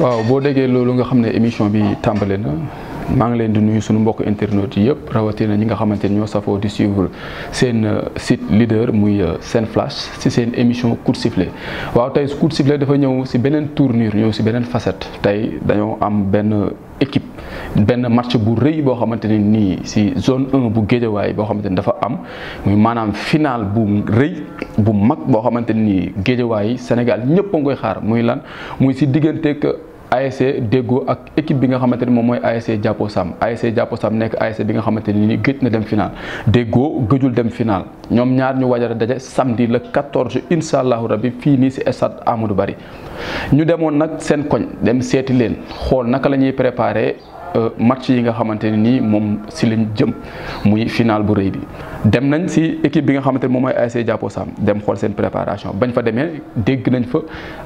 waaw boo déggee loolu nga xam ne émission bi tàmbale na maa ngi leen di nuyu suñu mbokk internautes yëpp rawatina ñi nga xamante ni ñoo safoo di suivre seen euh, site leader muy euh, seen flash si seen émission coup de waaw tey coup de dafa ñëw si beneen tournure ñëw si beneen facette tey dañoo am benn équipe benn match bu rëy boo xamante ne nii si zone 1 bu géejawaay boo xamante ni dafa am muy maanaam finaal bu rëy bu mag boo xamante ni géejawaay Sénégal ñëpp koy xaar muy lan ASC déggoo ak équipe bi nga xamante ni moom mooy ASC jàppoo Sam ASC jàppoo Sam nekk ASC bi nga xamante ni nii gëj na dem final déggoo gëjul dem final ñoom ñaar ñu wajar a daje samedi le 14 incha allahu rabi fii nii si stade Amadou bari ñu demoon nag seen koñ dem seeti leen xool naka la ñuy préparé euh, match yi nga xamante ne nii moom si lañ jëm muy final bu rëy bi. dem nañ si équipe bi nga xamante ne moom mooy ASC Jàppo Sam dem xool seen préparation bañ fa demee dégg nañ fa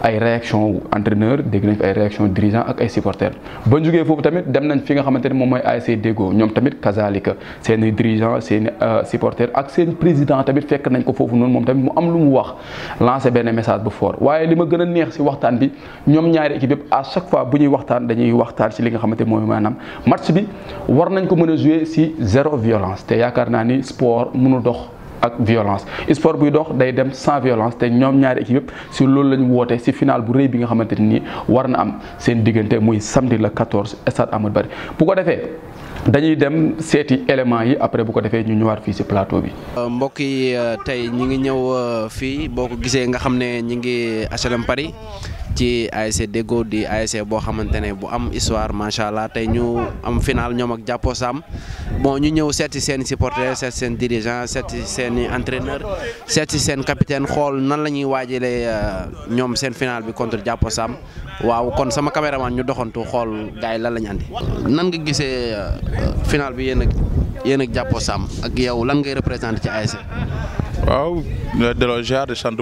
ay réaction wu entraîneur dégg nañ fa ay réaction dirigeant ak fi nga xamante ne moom mooy ASC Déggo ñoom tamit kazalika seen i dirigeant euh, seen président tamit fekk nañ ko foofu noonu moom tamit mu am lu mu wax lancé benn message bu fort waaye li ma gën a neex si waxtaan bi ñoom ñaari équipe yëpp à chaque fois bu ñuy waxtaan dañuy waxtaan si li nga xamante ne mooy maanaam match bi war nañ ko mën a jouer si zéro violence sport mënul dox ak violence sport buy dox day dem sans violence te ñoom ñaari équipe yëpp si loolu la ñu woote si final bu rëy bi nga xamante ni war na am seen diggante muy samedi la 14 stade Amadou Barry bu ko defee dañuy dem seeti éléments yi après bu ko defee ñu ñëwaat fii si plateau bi. Euh, mbokk yi euh, tey ñu ngi ñëw euh, fii boo ko gisee nga xam ne ñu ngi HLM Paris. ci ASC Deggo di ASC boo xamante ne bu am histoire macha allah tey ñu am final ñoom ak jàppo Sam bon ñu ñëw seeti seen supporter seeti seen dirigeant seeti seeni i entraîneur seeti seen capitaine xool nan la ñuy waajalee euh, ñoom seen final bi contre jàppo Sam waaw kon sama caméraman ñu doxantu xool gars yi lan la ñu andi. nan nga gisee euh, final bi yéen ak yéen jàppo Sam ak yow lan ngay représenté ci ASC. waaw delloo ziar di sant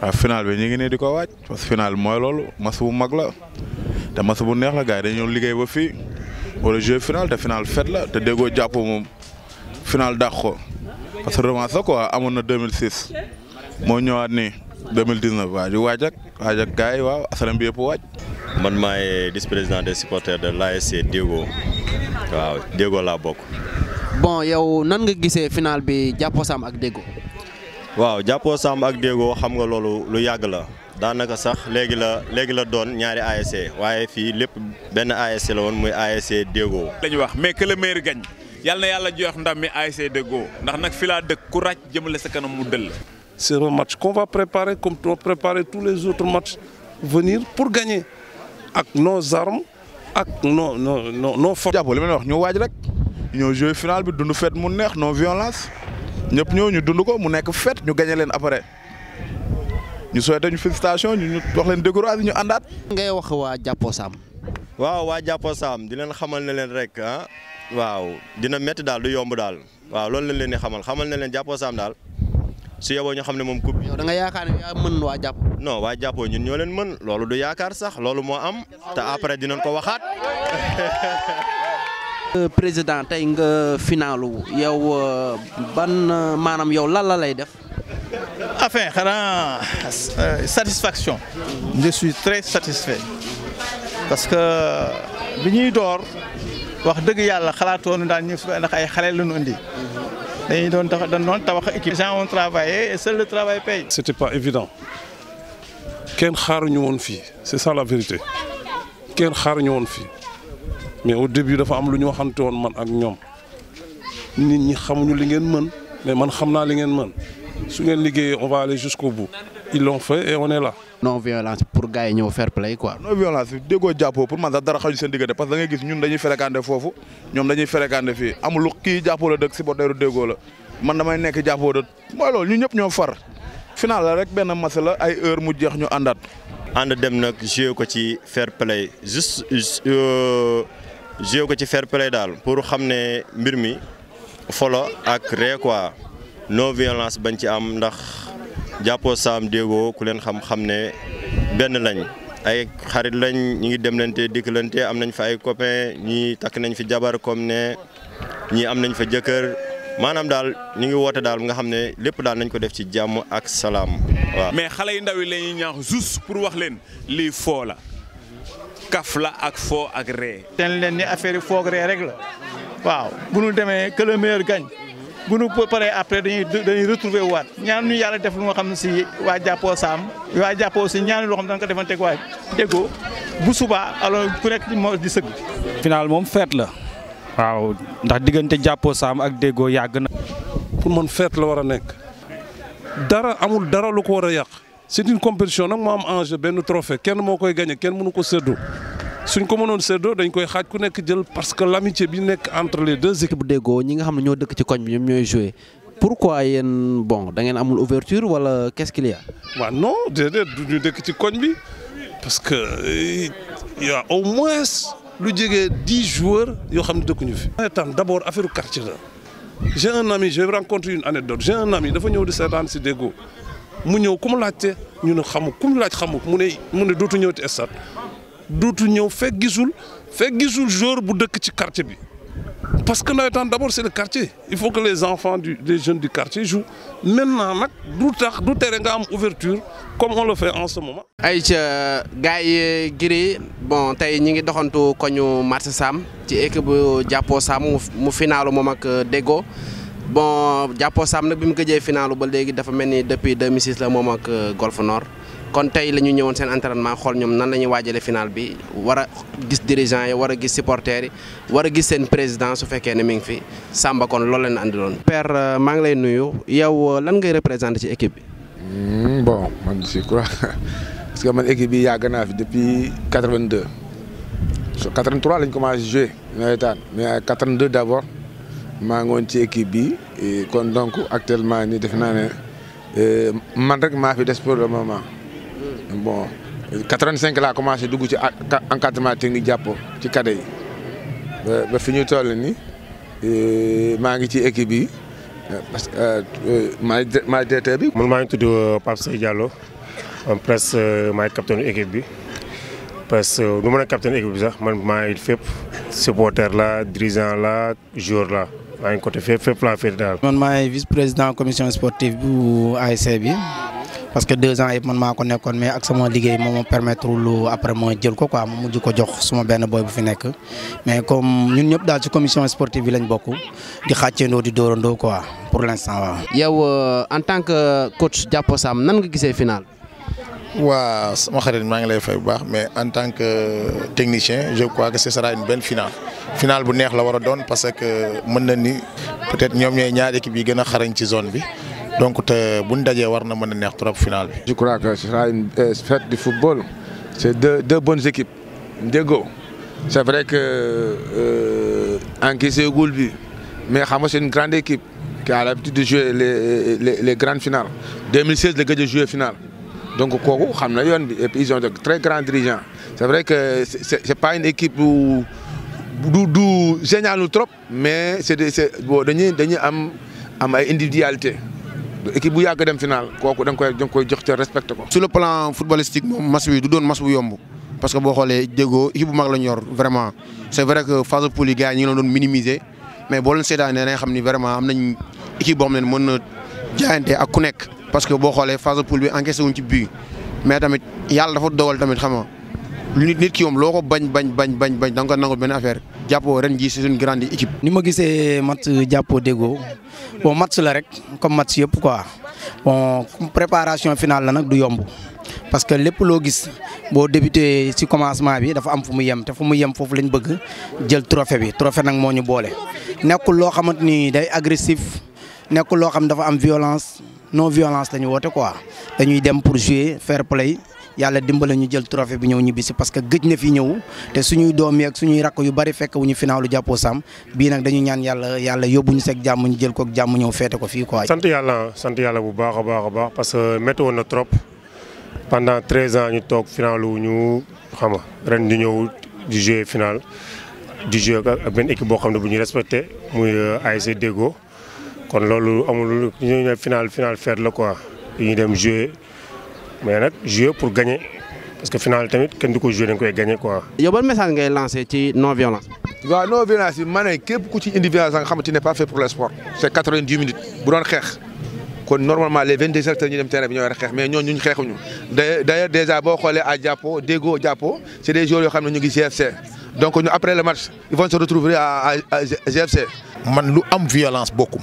waaw ah, final bi ñu ngi nii di ko waaj final mooy loolu mas bu mag la te mas bu neex la gars yi dañu liggéey ba fii wala jouer final te final fet la te déggoo jàpp moom final dàq ko parce que revanche la quoi amoon na 2006 moo ñëwaat nii 2019 waaj waaj ak waaj ak gars yi waaw asalam bi yëpp waaj. man maay vice président des supporters de l'ASC Diogo waaw Diogo laa bokk. bon yow nan nga gisee final bi jàppoo sam ak Diogo. waaw Japo Sam ak déggoo xam nga lolu lu yag la daanaka sax léegi la léegi la doon ñaari ASC waye fi lepp ben ASC la won muy ASC déggoo. la wax mais que le maire gagne Yalla na yàlla jox ndam mi ASC déggoo ndax nak fi la dëkk ku ràcc jëmale sa kanam mu deul. c'est un match qu'on va préparer comme on préparer tous les autres matchs venir pour gagner ak nos armes ak non non non non forces. jàppoo li wax ñu waj rek ñoo jouer final bi dund fête mu neex non violence. ñëpp ñoo ñu dund ko mu nekk fête ñu gañe leen après ñu souhaité ñu félicitation ñu ñu wax leen découragé ñu àndaat. ngay wax waa jàppoo saam. waaw waa jàppoo saam di leen xamal na leen rek ah. waaw dina métti daal du yomb daal waaw loolu lañ leen di xamal xamal na leen jàppo saam daal su yoboo ñu xam ne moom. yow da nga yaakaar ne yaa mën waa jàpp. non waa jàppoo ñun ñoo leen mën loolu du yaakaar sax loolu moo am te après dinañ ko waxaat. Euh, président tey nga finalu yow euh, ban euh, maanaam yow lan la lay def. enfin xanaa satisfaction. je suis très satisfait parce que bi ñuy door wax dëgg yàlla xalaatoonu daan ñu ndax ay xale la ñu indi. dañuy doon tax dañ doon tabax équipe. les gens et seul le travail paye. c'était pas évident kenn xaaruñu woon fii c'est ça la vérité kenn xaaruñu woon fii. mais au début dafa am lu ñu waxante woon man ak ñoom nit ñi xamuñu li ngeen mën mais man xam naa li ngeen mën su ngeen liggéeyee on va aller jusqu'au bout ils l'ont fait et on non violence pour gars yi ñëw fair play quoi. non violence bi déggoo jàppoo pour man sax dara xaju seen diggante parce que da ngay gis ñun dañuy fréquenté foofu ñoom dañuy fréquenté fii amul lu kii jàppoo la dëkk si boteeru déggoo la man damay nekk jàppoo da mooy loolu ñu ñëpp ñoo far final la rek benn match la ay heure mu jeex ñu àndaat. ànd dem nag joué ko ci fair play euh, joué ko ci fair play daal pour xam ne mbir mi folo ak ree quoi non violence bañ ci am ndax jàppoo saam déggoo ku leen xam-xam ne benn lañ ay xarit lañ ñi ngi demlante dikkalante am nañ fa ay copain ñi takk nañ fi jabar comme ne ñi am nañ fa jëkkër maanaam daal ñu ngi woote daal nga xam ne lépp daal nañ ko def ci jàmm ak salaam waaw mais xale yi la ñuy ñaax juste pour wax leen lii foo kaf la ak foo ak ree. ten leen ni affaire yi foog ree rek la waaw bu nu demee que le bu nu paree après dañuy dañuy retrouver waat ñaan ñu yàlla def lu nga xam ne si waa jàppoo saam waa jàppoo si ñaanu loo xam ne dana ko defanteeg waay déggoo bu subaa alors ku nekk moo di sëgg. final moom feet la. waaw ndax diggante jàppoo saam ak déggoo yàgg na. pour man feet la war a nekk. dara amul dara lu ko war a yàq. c'est une compétition nak mo am enjeu ben trophée kenn mo koy gagner kenn mënu ko seddo suñ ko mënoon seddo dañ koy xaaj ku nek jël parce que l'amitié bi nek entre les deux équipes. déggoo ñi nga xam ne ñoo dëkk ci koñ bi ñom ñoy jouer pourquoi yeen bon da ngeen amul ouverture wala qu'est-ce qu'il y a. wa non déedéet du dëkk ci koñ bi parce que il euh, y a au moins lu jege 10 joueurs yo xam ne ñu fi. daan d'abord affaire quartier j'ai un ami je rencontre une anecdote j'ai un ami dafa ñëw di seetaan ci déggoo mu ñëw ku ñu ne xamu ku xamu mu ne mu ne dootu ñëw ci stade dootu gisul quartier bi parce que nawetaan d'abord c'est le quartier il faut que les enfants du les jeunes du quartier jouent maintenant nag du du ouverture comme on le fait en ce moment. ay ca gars yi Gris bon tey ñi ngi doxantu koñu marché Sam ci équipe bu jàppoo Sam mu ak bon jàppoo saam nag bi mu gëjee finaalu ba léegi dafa mel ni depuis 2006 la moom ak euh, Golf Nord kon tey la ñu ñëwoon seen entraînement xool ñoom nan la ñuy waajalee final bi war gis dirigeants yi war a gis supporters yi war a gis seen président su fekkee ne mi ngi fi Samba kon loolu leen andiloon. per euh, maa ngi lay nuyu yow euh, lan ngay représenté ci équipe bi. Hmm, bon man je crois parce que man équipe bi yàgg naa fi depuis 82 so 83 lañ commencé jouer nawetaan mais 82 d' abord. maa ngi ci équipe bi kon donc actuellement nii def naa ne euh, man rek maa fi des pour le moment bon 85 laa commencé dugg ci encadrement technique jàpp ci cadets yi ba fi ñu toll ni maa ngi ci équipe bi parce que euh, maay maay directeur bi. man maa ngi tudd euh, Pape Seye Diallo presque maay capitaine équipe bi que nu ma capitaine équipe bi sax man maa ngi fépp. supporter là, dirigeant là, joueur là, à un côté fait fait laa fait daal. man vice président commission sportive bu ASC bi parce que deux ans je mon maa connais nekkoon mais ak sama liggéey moom me permettre après ma jël ko quoi ma mujj ko jox suma de boy bu fi mais comme ñun ñëpp dans ci commission sportive bi a beaucoup de choses di dorando quoi pour l'instant yow euh, en tant que coach Diapo Sam nan nga gisee final waaw sama xarit lay mais en tant que technicien je crois que ce sera une belle finale finale bu neex la voir parce que mën peut-être nous avons ñaari équipe zone donc finale je crois que ce sera une euh, fête du football c'est deux bonnes équipes go. c'est vrai que euh, encaissé gul bi mais c'est une grande équipe qui a l'habitude de jouer les grandes finales 2016 le gëj a joué finale. Donc, ils ont de très grands dirigeants. C'est vrai que ce n'est pas une équipe où, où, géniale ou trop, mais c'est une individualité. L'équipe y a fait finale, donc je respecte. Sur le plan footballistique, je suis un match parce que bon on regarde, l'équipe est vraiment. C'est vrai que la phase de les gars, ils ont minimisé. Mais si on sait vraiment, on a une équipe qui peut à connecter parce que les xoolee phase de poule bi but mais il y a des tamit qui nit ki qui est banj, banj, affaire une grande équipe. ni ma gisee match jàppoo d'ego, bon match rek comme match bon préparation finale la du yomb parce que lépp loo gis bo débuté ci commencement bi dafa am fu yem te trophée. yem bi trophée day agressif xam violence non violence Nous avons quoi dañuy pour jouer fair play Yalla dimbalé ñu jël trophée parce que gëj na fi ñew té suñuy doom fait suñuy rakku yu bari fekk wuñu finalu là sam bi nak dañu ñaan ñu jël ko ak ko quoi. parce que trop pendant 13 ans ñu tok finalu ñu ren jouer final di jouer équipe respecté euh, kon loolu amul ñu ne final final faire la quoi ñu dem jouer mais nak jouer pour gagner parce que final tamit kenn diko jouer dañ koy gagner quoi. yow ban message ngay lancer ci non violence. wa non violence mané képp ku ci indi violence nga xamante n'est pas fait pour le sport. c'est 90 minutes bu doon xex kon normalement les 22 secteurs ñu dem terrain bi ñoy war a mais ñooñu ñu xeexuñu d'ailleurs déjà bo xolé à Diapo dégo Diapo c'est des joueurs yo xamné ñu ngi GFC donc ñu après le match ils vont se retrouver à à GFC. man lu am violence beaucoup.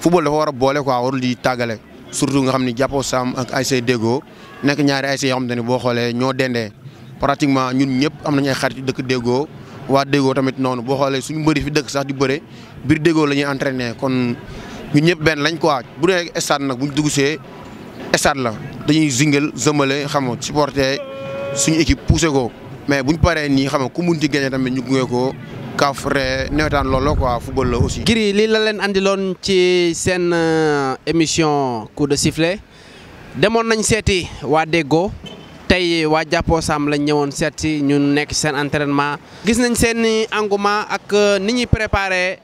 football dafa war a boole quoi warul di tàggale surtout nga xam ni jàppoo saam ak ay say déggoo nekk ñaari ay say yoo ne boo xoolee ñoo dendee pratiquement ñun ñëpp am nañ ay xarit dëkk déggoo waa déggoo tamit noonu boo xoolee suñu mbëri fi dëkk sax di bëre biir déggoo la ñuy entraîné kon ñun ñëpp benn lañ quoi bu dee stade nag bu ñu dugusee stade la dañuy zingal zëmbale xamoo nga supporter suñu équipe poussé ko mais buñ paree nii xam nga ku mun ci gagné tamit ñu gunge ko kafre nawetaan loolu quoi football la aussi. Gris lii la leen andiloon ci seen euh, émission coup de sifflet demoon nañ seeti waa Deggo tey waa jàppoo Sam lañ ñëwoon seet si ñu nekk seen entraînement. gis nañ seen engouement ak euh, ni ñuy préparé.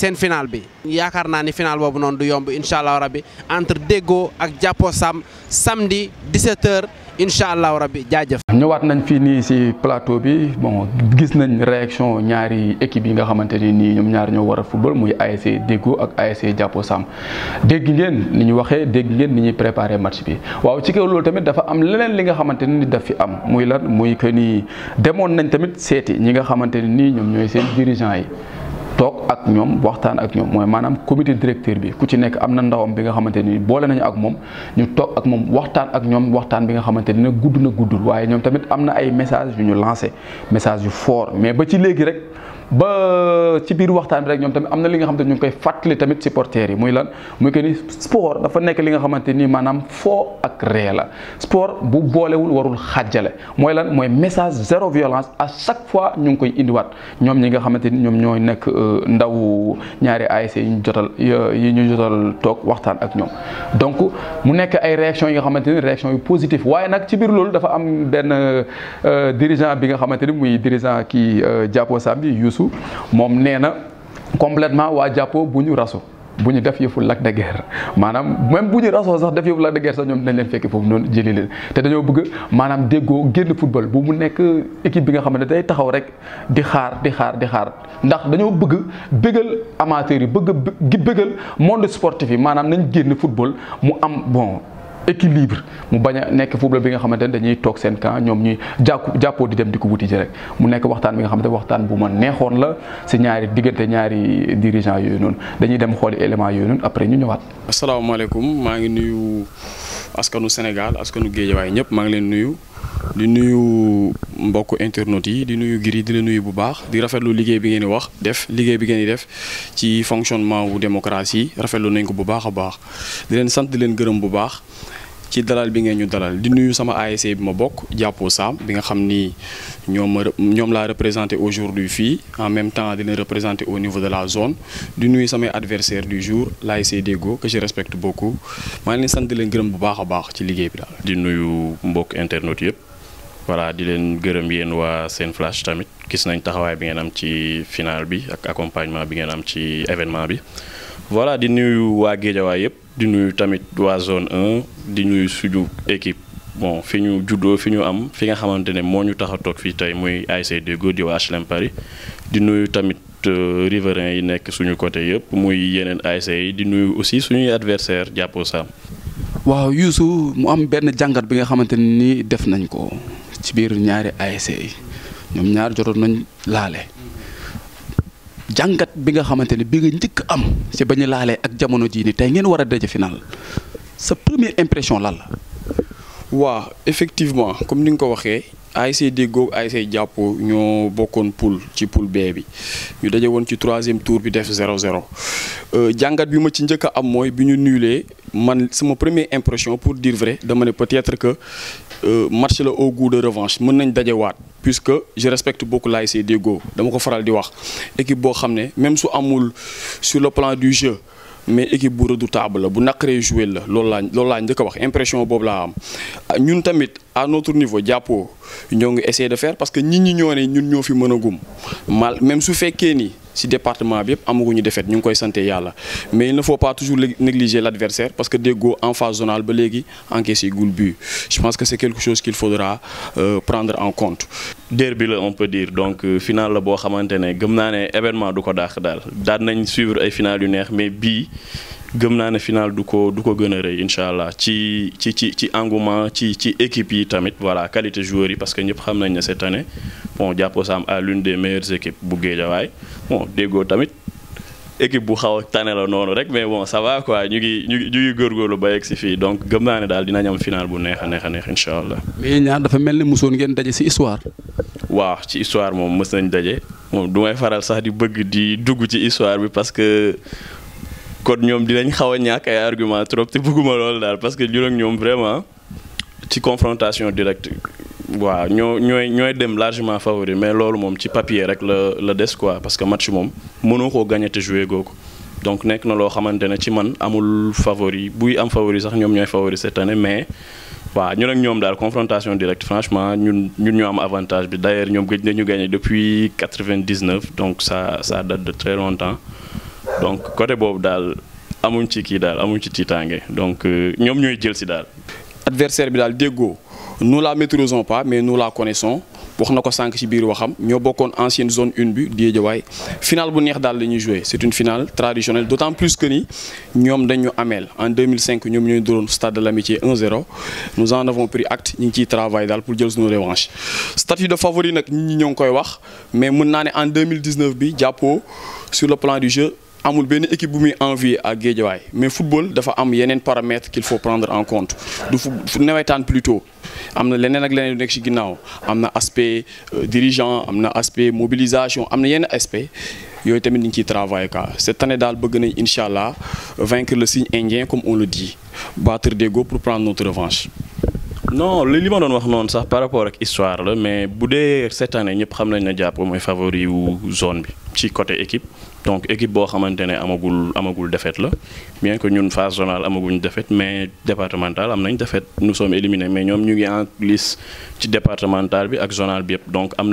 seen final bi yaakaar naa ni final boobu noonu du yomb incha allahu rabbi entre déggoo ak jàppoo sam samdi 17h incha allahu rabbi jaajëf. ñëwaat nañ fii nii si plateau bi bon gis nañ réaction ñaari équipe yi nga xamante ni nii ñoom ñaar ñoo war a football muy ASC déggoo ak ASC jàppoo sam dégg ngeen ni ñu waxee dégg ngeen ni ñuy préparé match bi waaw ci kaw loolu tamit dafa am leneen li nga xamante ni daf fi am muy lan muy que ni demoon nañ tamit seeti ñi nga xamante ni nii ñoom ñooy seen dirigeant yi. toog ak ñoom waxtaan ak ñoom mooy maanaam comité directeur bi ku ci nekk am na ndawam bi nga xamante ni boole nañu ak moom ñu toog ak moom waxtaan ak ñoom waxtaan bi nga xamante ni nag gudd na guddul waaye ñoom tamit am na ay message yu ñu lancé message yu fort mais ba ci léegi rek ba ci biir waxtaan rek ñoom tamit am na li nga xamante ñu ngi koy fàttali tamit supporters yi muy lan muy que ni sport dafa nekk li nga xamante ni maanaam foo ak ree la sport bu boolewul warul xajale mooy lan mooy message zéro violence à chaque fois ñu ngi koy indiwaat ñoom ñi nga xamante ni ñoom ñooy nekk euh, ndaw ñaari ASC yi ñu jotal yi ñu jotal toog waxtaan ak ñoom donc mu nekk ay réaction yi nga xamante ni réaction yi positif waaye nag ci biir loolu dafa am benn euh, dirigeant bi nga xamante ni muy dirigeant kii jàppoo euh, sam su moom nee na complètement waa jàppo bu ñu rasu bu ñu def yëfu Lac de Guiers maanaam même bu ñu rasoo sax def yëfu Lac de Guiers sax ñoom dinañ leen fekki foofu noonu jëli leen te dañoo bëgg maanaam déggoo génn football bu mu nekk équipe bi nga xam ne day taxaw rek di xaar di xaar di xaar ndax dañoo bëgg bëggal amateurs yi bëgg gi bëggal monde sportif yi maanaam nañ génn football mu am bon équilibre mu bañ a nekk football bi nga xamante ne dañuy toog seen camp ñoom ñuy jàpp jàppoo di dem di ko wuti ji rek mu nekk waxtaan bi nga xamante waxtaan bu ma neexoon la si ñaari diggante ñaari dirigeant yooyu noonu dañuy dem xooli élément yooyu noonu après ñu ñëwaat. asalaamaaleykum maa ngi nuyu senegal askanu Sénégal askanu Guédiawaye ñëpp maa ngi leen nuyu. di nuyu mbokk internautes yi di nuyu Gris di la nuyu bu baax di rafetlu liggéey bi ngeen di wax def liggéey bi ngeen di def ci fonctionnement wu démocratie rafetlu nañ ko bu baax a baax di leen sant di leen gërëm bu baax. ci dalal bi ngeen ñu dalal di nuyu sama ASC bi ma bokk jàppoo Sam bi nga xam ni ñoom ñoom laa représenté aujourd'hui fii en même temps dina représenter au niveau de la zone di nuyu sama adversaire du jour l'ASC Dego que je respecte beaucoup maa ngi leen sant di leen gërëm bu baax a baax ci liggéey bi daal. di nuyu mbokk internet yëpp voilà di leen gërëm yéen waa seen flash tamit gis nañ taxawaay bi ngeen am ci final bi ak accompagnement bi ngeen am ci événement bi voilà di nuyu waa Guédiawaay yëpp. di nuyu tamit waa zone 1 di nuyu suñu équipe bon fi ñu juddoo fi ñu am fi nga xamante ne moo ñu tax a toog fii tey muy ASC Deggo di waa HLM Paris di nuyu tamit euh, riverains yi nekk suñu côté yëpp muy yeneen ASC yi di nuyu aussi suñuy adversaire jàppoo saam. waaw Youssou mu am benn jàngat bi nga xamante ni def nañ ko ci biir ñaari ASC yi ñoom ñaar jotoon nañ laale jàngat bi nga xamante ne bi nga njëkk am si bañ laalee ak jamono jii nii tey ngeen war a daje final sa première impression lal la. waaw effectivement comme ni nga ko waxee. ASC Déggoo ASC jàpp ñoo bokkoon poule ci poul B bi ñu daje woon ci troisième tour bi def 0-0 euh, jàngat bi ma ci njëkk am mooy bi ñu nuyulee man sama première impression pour dire vrai dama ne peut-être que euh, match la au goût de revanche mën nañ dajewaat. puisque je respecte beaucoup laay et dans dama ko même si sur le plan du jeu mais équipe redoutable On a créé jouer jeu, impression à notre niveau diapo nous de faire parce que nous, ñi ñun on même su si département bi yëpp défaite ñu koy santé. mais il ne faut pas toujours négliger l'adversaire parce que dégo en phase zonale ba légui encaissé goul but je pense que c'est quelque chose qu'il faudra euh, prendre en compte derby là on peut dire donc euh, final la bo xamantene ne gëm événement du ko daax dal nañ suivre ay final yu mais bi gëm naa ne final du ko du ko gën a rëy incha allah ci ci ci ci engouement ci ci équipe yi tamit voilà qualité joueurs yi parce que ñëpp xam nañ ne cette année bon jàppo sam à l'une des meilleures équipes bu Guédiawaye bon déggoo tamit équipe bu xaw a tane la noonu rek mais bon ça va quoi ñu ngi ñu ngi góorgóorlu ba yegg si fii donc gëm naa ne daal dinañ am final bu neex a neex a neex incha allah. mais ñaar dafa mel ni mosoon ngeen daje si histoire. waaw ci histoire moom mës nañ daje moom du may faral sax di bëgg di dugg ci histoire bi parce que. Nous avons dinañ xaw a ñàkk argument trop te bëgguma parce que nous ak vraiment ci confrontation directe Nous sommes largement favori mais loolu un petit papier avec le le parce que match moom gagné donc nous na loo ne ci man amul favori Oui, am favori favori cette année mais nous avons une confrontation directe franchement nous avons un am avantage bi nous avons gagné depuis 1999, donc ça date de très longtemps donc côté boobu dal amuñ ci ki dal amuñ ci titangé donc euh, ñom ñoy jël ci dal adversaire bi dal dégo nous la maîtrisons pas mais nous la connaissons Pour nako sank ci biir waxam ñoo ancienne zone 1. bi finale bu neex dal la jouer une finale traditionnelle D'autant plus que ni ñom dañu amel en 2005 ñom ñoy le stade de l'amitié 1-0 nous en avons pris acte ñi ci travail dal pour jël suñu revanche statut de favori nous ñi ñong koy wax mais mën naa en 2019 bi sur le plan du jeu amul ben équipe bu mi envie à Guédiaway mais football dafa am yenen paramètres qu'il faut prendre en compte du faut nawetaan plutôt amna lenen ak lenen nek ci ginnaw amna aspect euh, dirigeant amna aspect mobilisation amna na yenn aspect yoy tamit ni ngi ciy travailler cette année dal bëgg na inshallah vaincre le signe indien comme on le dit battre des go pour prendre notre revanche. non le li ma wax par rapport à l'histoire, mais cette année nous xam nañ ne jàpp favori ou zone bi côté équipe donc équipe boo maintenir ne amagul amagul défaite la bien que ñun phase zonale amaguñ défaite mais départementale am nañ défaite nous sommes éliminés mais ñom ñu ngi en lice ci départemental bi ak zonale bi donc am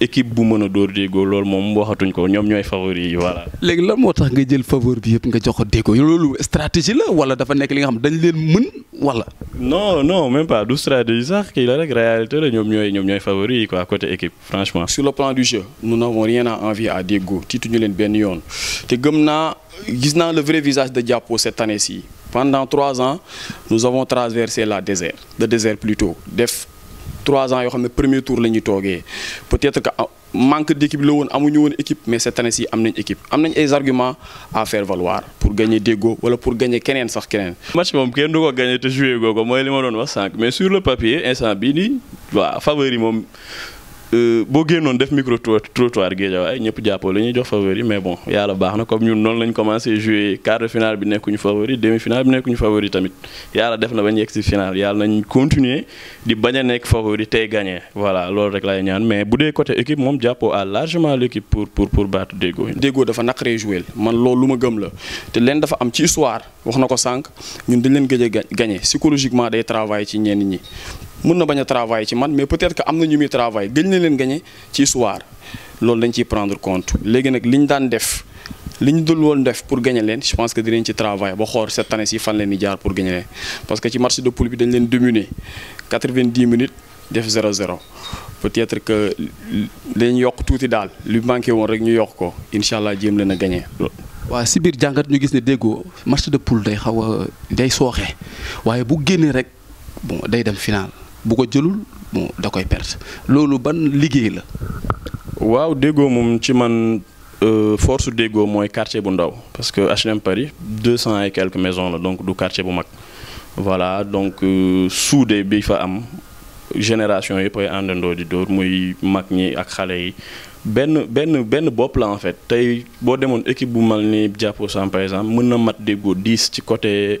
équipe bu mëna a dégo lool mom waxatuñ ko ñom ñoy favori voilà. légui lan motax nga jël favori bi yépp nga jox dégo loolu stratégie la wala dafa nek li nga xam dañ leen mën wala. non non même pas du stratégie sax kii la rek réalité la ñoom ñooy ñoom ñooy favori quoi côté équipe franchement. sur le plan du jeu nous n'avons rien à envier à dégo Déggo tiituñu leen ben yoon te gëm gis le vrai visage de Diapo cette année-ci pendant trois ans nous avons traversé la désert le désert plutôt def trois ans yoo eu le premier tour peut-être que ah, manque d'équipe eu un manque d'équipe, équipe mais cette année ci avons une équipe Nous des des arguments à faire valoir pour gagner GO ou pour gagner Kenen. sax match je ne du pas gagner te joué GO, ko wax mais sur le papier instant Sambini, nii favori euh, boo génnoon def micro trottoir Guédiawaye ñëpp jàppoo la ñuy jox favori mais bon yalla baxna comme ñun non lañ commencé jouer quart de finale bi nekkuñu favori demi finale bi nekkuñu favori tamit yalla def na bañ yegg si finale yalla nañ continuer di bañ nek favori tey gagné voilà lool rek laay ñaan mais bu dee côté équipe mom jàppoo à largement l'équipe pour pour pour battre Déggo. Déggo dafa naqaree jouer man loolu lu ma gëm la te lén dafa am ci histoire waxnako sank ñun dañ leen gëj gagner psychologiquement day travail ci ñen ñi mën na bañ a travail ci man mais peut-être que am na ñu muy travail gëñ na leen gagné ci soir loolu lañ ciy prendre compte léegi nag liñ daan def liñ dul woon def pour gagné leen je pense que dinañ ci travail ba xool cette année si fan leen di jaar pour gagné leen parce que ci match de poule bi dañ leen dominer 90 minutes def 0-0 peut-être que dañ yokk tuuti daal lu manqué woon rek ñu yokk ko incha allah jéem leen a gagné. waaw si biir jàngat ñu gis ne déggoo match de poule day xaw a day sooxe waaye bu génnee rek bon day dem final bu ko jëlul bon da koy perte loolu ban liggéey la. waaw déggoo moom ci man euh, force déggoo mooy quartier bu ndaw parce que HLM Paris 200 et quelques maisons la donc du quartier bu mag voilà donc euh, suude bi fa am génération yëpp ay àndandoo di dóor muy mag ñi ak xale yi benn benn benn bopp la en fait tey boo demoon équipe bu mal ni jàppo sam par exemple mën na mat déggoo 10 ci côté.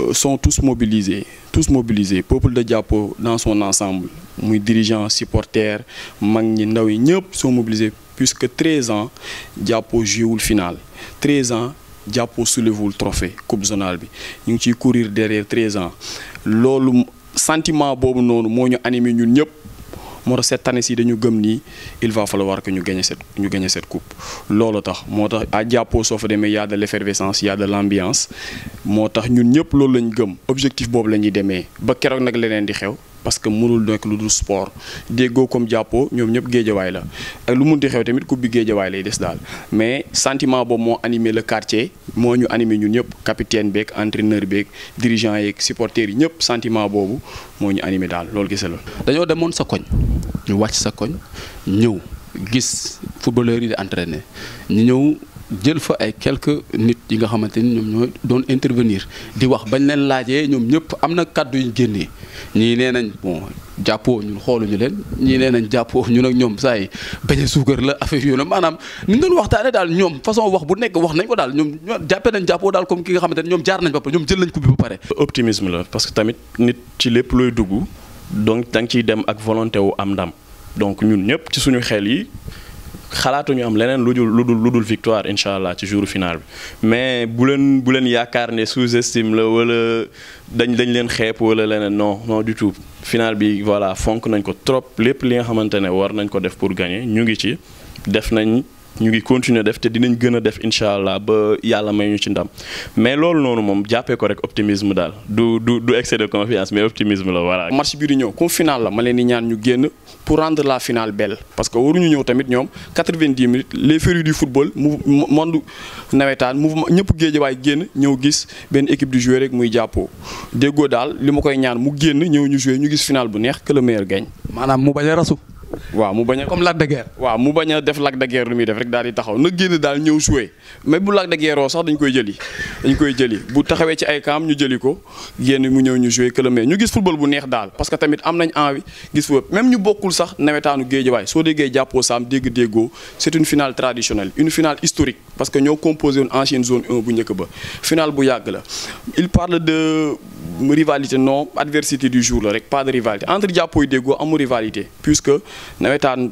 Euh, sont tous mobilisés, tous mobilisés, peuple de Diapo dans son ensemble, les dirigeants, supporters, magni, sont mobilisés puisque 13 ans, Diapo joue le final. 13 ans, Diapo soulève le trophée, Coupe Zonalbi, Nous courir derrière 13 ans. le sentiment que nous avons animé moi cette année ci dañu gëm gagner il va falloir que ñu gagnions cette ñu gagnions cette coupe Lors tax moo tax à Diapo soo fa demee y a de l'effervescence y a de l'ambiance Moi, nous ñun ñëpp loolu lañ gëm objectif boobu la ñuy demee ba keroog nag leneen di xew parce que mënul nek lu sport déggoo comme jàppoo ñoom ñëpp géejawaay la ak lu munti xew tamit ku bi géejawaay lay dess dal mais sentiment boobu mo animé le quartier mo ñu animé ñun ñëpp capitaine beeg entraîneur beeg dirigeant yeeg supporter yi ñëpp sentiment bobu mo ñu animé dal loolu gise la dañoo demoon sa koñ ñu wacc sa koñ ñew gis footballeur yi di entraîner ñu jël fa ay quelques nit yi nga xamante ni ñoom ñoo doon intervenir di wax bañ leen laajee ñoom ñëpp am na kàddu yu génnee ñii nee nañ bon jàppoo ñun xoolu ñu leen ñii nee nañ jàppoo ñun ak ñoom saa yi bañ suukar la affaire yu ne maanaam ni ñu doon waxtaanee daal ñoom façon wax bu nekk wax nañ ko daal ñoom jàppee nañ jàppoo daal comme ki nga xamante ñoom jaar nañ ba pare ñoom jël nañ ko bi ba pare. optimisme la parce que tamit nit ci lépp looy dugg donc da ciy dem ak volonté wu am ndam donc ñun ñëpp ci suñu xel yi. xalaatuñu am leneen lu dul lu dul lu dul victoire incha allah ci jour finale bi mais buleen leen bu leen yaakaar ne sous-estime la wala dañ dañ leen xeeb wala leneen non non du tout finale bi voilà fonk nañ ko trop lépp li nga xamante ne war nañ ko def pour gagner ñu ngi ci def nañ. ñu ngi continuer def te dinañ gën def incha allah ba yàlla may ñu ci ndam mais loolu noonu moom jàppee ko rek optimisme daal du du du excès de confiance mais optimisme la voilà. match bii di ñëw comme final la ma leen di ñaan ñu génn pour rendre la finale belle parce que waruñu ñëw tamit ñoom 90 minutes les férus du football mu monde nawetaan mouvement ñëpp waaye génn ñëw gis benn équipe di jouer rek muy jàppoo déggoo daal li ma koy ñaan mu génn ñëw ñu jouer ñu gis final bu neex que le maanaam mu bañ a rasu. waaw mu bañ a a def Lac de Guiers lu muy def rek daal di taxaw na génn daal ñëw joué mais bu Lac de sax dañ koy jëli bu taxawee ci ay camp ñu jëli ko génn mu ñëw ñu joué këlëmee ñu gis football bu neex daal parce que tamit am nañ envie gis football même ñu bokkul sax nawetaanu Guédiawaye soo déggee jàppoo saam dégg déggoo c'est une finale traditionnelle une finale historique parce que ñoo composé une ancienne zone 1 bu njëkk ba finale bu yàgg la rivalité non adversité du jour là, rek pas de rivalité entre et déggoo amul rivalité puisque nawetaan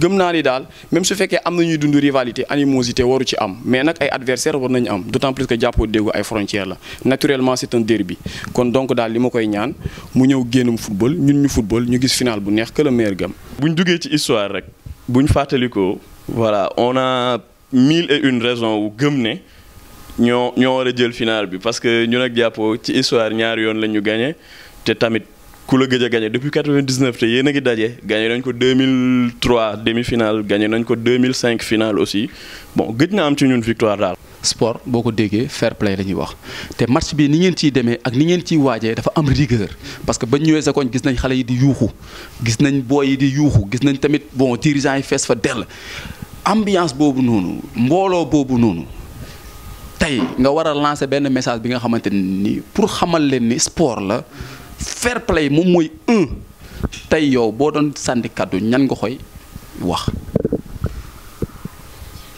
gëm na ni dal même fait fekkee am na ñuy dund rivalité animosité waru ci am mais nak ay adversaire war nañ am D'autant plus que et déggoo ay frontière la naturellement c'est un derby kon donc dal li ma koy ñaan mu ñew gënum football ñun ñu football ñu gis final bu neex que le meilleur gam buñ duggé ci histoire rek buñ fatali ko voilà on a mille et une raisons ou gëm né nous avons final parce que nous ak jàppoo ci histoire nous yoon gagné tamit la a gagné depuis 99 nous a gagné 2003 demi finale gagné nañ 2005 finale aussi bon na am ci victoire sport beaucoup nous fair play la wax match bi ni ngeen ciy demee ak ni ngeen dafa rigueur parce que bañ nous, sa koñ gis nañ nous yi di gis nañ yi di gis nañ tamit bon dirigeants yi fa ambiance nous avons mbooloo tey nga war a lancé benn message bi nga xamante ni pour xamal leen ni sport la fair play moom mooy tey yow boo doon sànni kàddu ñan nga koy wax.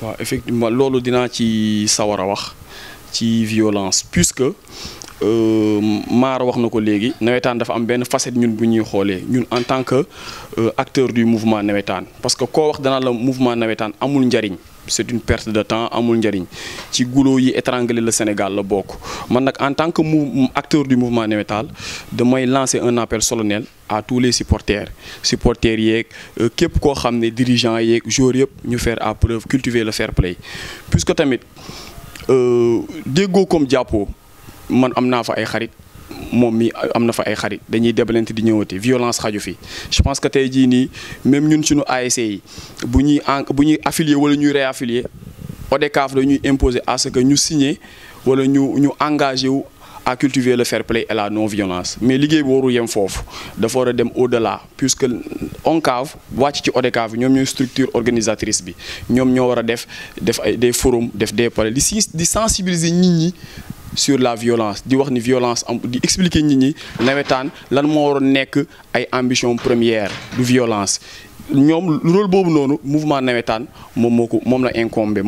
waaw effectivement loolu dinaa ci sawar a wax ci violence puisque euh, Mara wax na ko léegi nawetaan dafa am benn facette ñun bu ñuy xoolee ñun en tant que euh, acteur du mouvement nawetaan parce que koo wax danaa la mouvement nawetaan amul njariñ c'est une perte de temps à njariñ Si vous étrangler le Sénégal le en tant qu'acteur du mouvement Némétal vais lancer un appel solennel à tous les supporters supporters qui euh, képp dirigeants dirigeants, faire à preuve cultiver le fair play puisque tamit euh, déggoo comme Diapo man am moom mi fa ay xarit dañuy di ñëwati violence xaju fi je pense que tey jii même ñun suñu ASC yi buñuy affilié, en ñuy affilier wala ñuy réaffilier ODCAV dañuy imposer à ce que ñu signer wala ñu ñu engager à cultiver le fair play et la non violence mais liggéey bi waru yem fofu dafa war dem au delà puisque ONCAV wacc ci ODCAV ñom ñoy structure organisatrice bi ñom ñoo wara def def ay des forums def des pare di sensibiliser nit ñi sur la violence di wax violence expliquer ambition première de violence Le rôle un mouvement nawetaan moom incombé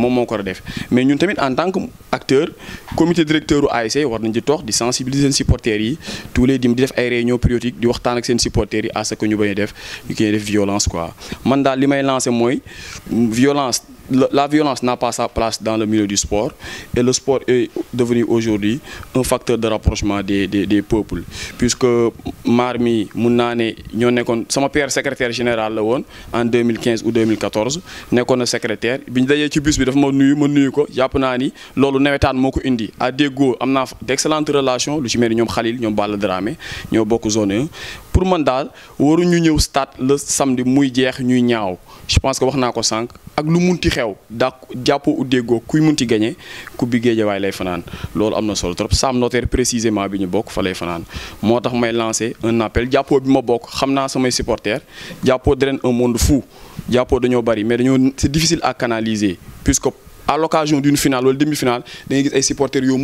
mais nous en tant qu'acteur, comité directeur de l'AIC nous avons sensibilisé les sensibiliser supporters tous les dimanches di réunion di supporters à ce que ñu bañ violence quoi violence la violence n'a pas sa place dans le milieu du sport et le sport est devenu aujourd'hui un facteur de rapprochement des des des peuples puisque Marmi Mounane, mun naa c'est père secrétaire général la en 2015 ou 2014 nekkoon na secrétaire bi ñu ci bus bi dafa ma ko ni indi d'excellentes relations lu ci mel ni Khalil ñoom Balla Dramé ñoo beaucoup zone pour man daal waruñu ñëw stade le samedi muy jeex ñuy ñaaw je pense que wax ko sànq ak xew daa jàppoo uddeegoo kuy munti gañe ku bi way lay fanaan loolu amna solo trop Sam Notaire précisément biñu bok bokk fa lay may lancer un appel jappo bima bok xamna xam naa samay dren un monde fou jappo dañoo bari mais dañoo c'est difficile à canaliser puisque à l'occasion d'une finale ou demi-finale les supporters a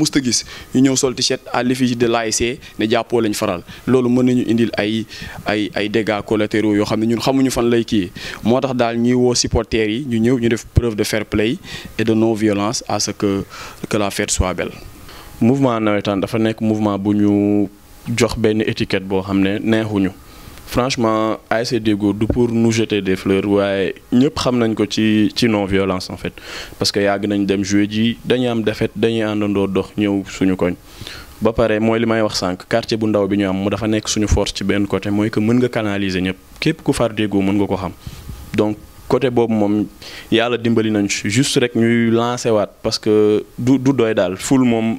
sol à l'effigie de l'ASC ne jàppoo lañ faral fait, mën que indil dégâts collatéraux ont ñun supporters yi ñu preuve de fair play et de non violence à ce que que soit belle. mouvement dafa mouvement qui ñu étiquette franchement ASC Deggo du pour nous jeter des fleurs waaye ñep xam nañ ko ci ci non violence en fait parce que yag nañ dem jouer ji dañuy am défaite dañuy àndandoo dox ñew suñu koñ. ba paré moy limay wax sank quartier bu ndaw bi ñu am mu dafa nek suñu force ci ben côté moy que mën nga canaliser ñep képp ku far Deggo mën nga ko xam donc côté bobu mom yalla dimbali nañ juste rek ñuy lancer waat parce que du du doy dal ful mom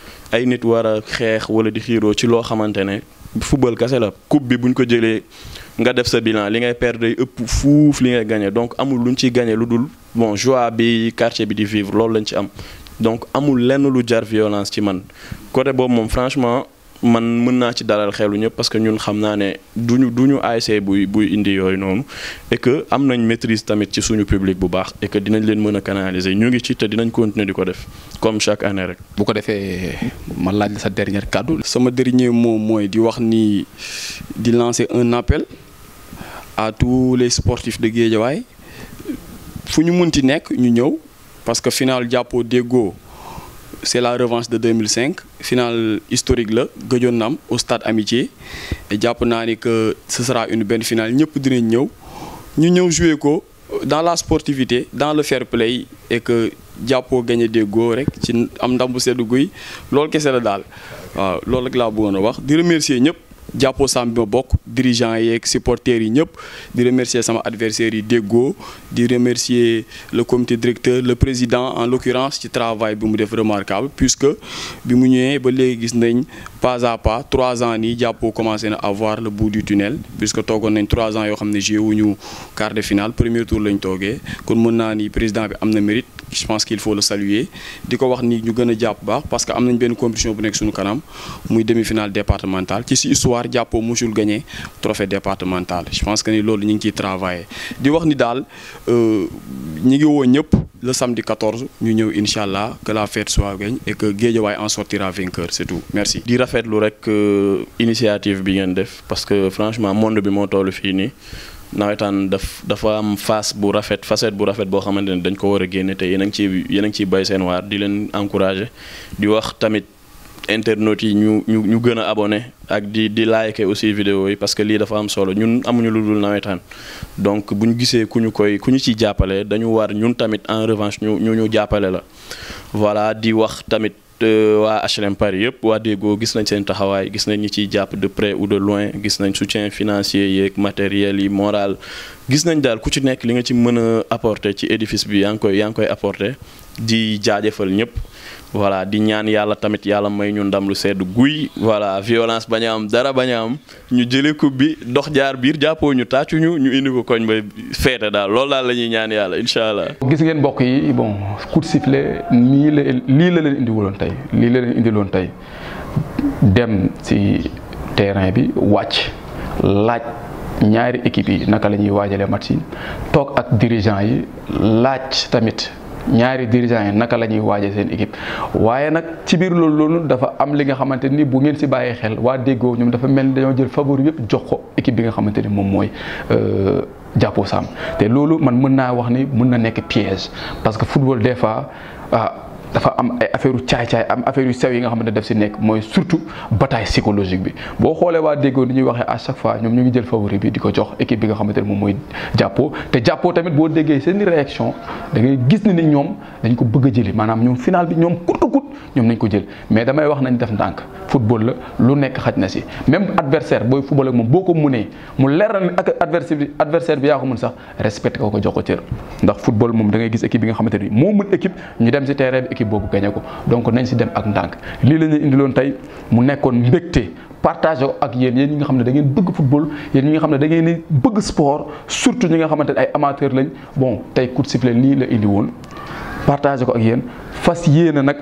ay nit war a xeex wala di xiiroo ci loo xamante ne football kase la coupe bi buñ ko jëlee nga def sa bilan li ngay perdre day ëpp fuuf li ngay gagné donc amul luñ ci gagné lu dul bon joie bi quartier bi di vivre loolu lañ ci am donc amul lenn lu jar violence ci man côté boobu moom franchement man mën naa ci dalal xelu ñëpp parce que ñun xam naa ne duñu duñu ASC buy buy indi yooyu noonu et que am nañ maîtrise tamit ci suñu public bu baax et que dinañ leen mën a canaliser ñu ngi ci te dinañ continuer di ko def comme chaque année rek. bu ko defee ma laaj sa dernière cadeau. sama dernier mot moy di wax ni di lancer un appel à tous les sportifs de Guédiaway fu ñu munti nek ñu ñëw parce que final de dégo c'est la revanche de 2005 finale historique la gëjoon au stade Amitié et naa ni que ce sera une belle finale ñëpp dinañ ñëw ñu jouer dans la sportivité dans le fair play et que jàppoo gañe déggoo rek ci am ndam bu seddu guy loolu kese la daal waaw loolu rek laa bëggoon a wax di remercier ñëpp jàppoo sam bi bokk dirigeant yeeg supporters yi ñëpp di remercier sama adversaire yi déggoo di remercier le comité directeur le président en l'occurrence ci travail bi mu def remarquable puisque bi mu ñëwee ba gis nañ pas à pas trois ans Diapo commence à voir le bout du tunnel puisque nous avons trois ans nous avons eu joué quart de finale premier tour Nous avons eu. le président bi mérite je pense qu'il faut le saluer di ko wax ni ñu a parce que avons eu une compétition bu nous suñu kanam demi-finale départementale ci si histoire Diapo musul gagné trophée départemental je pense que ni avons ñu ngi ciy travailler di wax ni nous euh, ñi le samedi 14 nous avons inshallah, que la fête soit gagnée et que Guédiawaye en sortira vainqueur c'est tout merci lu rek euh, initiative bi parce que franchement monde bi mo face bu rafet facette bu rafet dañ ko a encourager di wax tamit internautes yi ñu ñu a abonné ak di di liker aussi vidéo parce que lii dafa am solo ñun amuñu lu dul donc bu ñu gisee koy ku ñu tamit en revanche ñu voilà waa HLM Paris yëpp waa Déggo gis nañ seen taxawaay gis nañ ñi ciy jàpp de près ou de loin gis nañ soutien financier yeeg matériel yi moral gis nañ daal ku ci nekk li nga ci mën a apporter ci édifice bi yaa ngi koy yaa ngi koy apporter di jaajëfal ñëpp. voilà di ñaan yàlla tamit yàlla may ñu ndam lu sedd guy voilà violence bañ a am dara bañ a am ñu jëlee coupe bi dox jaar biir jàppoo ñu tàccuñu ñu indi ko koñ ba feete daal loolu daal la ñuy ñaan yàlla incha allah. gis ngeen bokk yi bon coup de sifflet la lii la leen indiwuloon tey lii la indiloon tey dem ci terrain bi wàcc laaj ñaari équipe yi naka la ñuy waajalee match yi toog ak dirigeant yi laaj tamit. ñaari dirigeants yi naka la ñuy waaje seen équipe waaye nag ci biir loolu loolu dafa am li nga xamante ni bu ngeen si bàyyi xel waa déggoo ñoom dafa mel ni dañoo jël favori yëpp jox ko équipe bi nga xamante ni moom mooy jàppoo euh, saam te loolu man mën naa wax ni mën na nekk piège parce que football des fois ah, dafa am ay affaire yu caay-caay am affaire yu sew yi nga xamante ne daf si nekk mooy surtout bataille psychologique bi boo xoolee waa déggoo ni ñuy waxee à chaque fois ñoom ñu ngi jël favori bi di ko jox équipe bi nga xamante ne moom mooy boo déggee seeni réaction da gis ne ni dañ ko bëgg a jëli maanaam ñoom final bi ñoom ñoom nañ ko jël mais damay wax nañ def ndànk lu nekk xaj na si même adversaire booy boo ko mënee mu leeral ni ak sax respecté ko ko jox ko cër ndax football équipe bi nga xamante ni moo mën équipe ñu dem si terrain bi équipe boobu gañe ko donc nañ si dem ak ndànk lii la ñu indiloon tey mu nekkoon mbégte partagé ko ak yéen yéen ñi nga xam ne da ngeen bëgg football yéen ñi nga xam ne da ngeen ni bëgg sport surtout ñi nga xamante ne ay amateur lañ bon tey coup de sifflet lii la indi woon partagé ko ak yéen fas yéene nag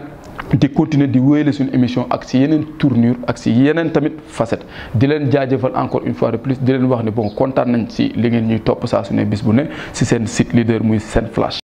di continuer di wéyale suñu émission ak si yeneen tournure ak si yeneen tamit facette di leen jaajëfal encore une fois de plus di leen wax ne bon kontaan nañ si li ngeen ñuy topp saa su ne bis bu ne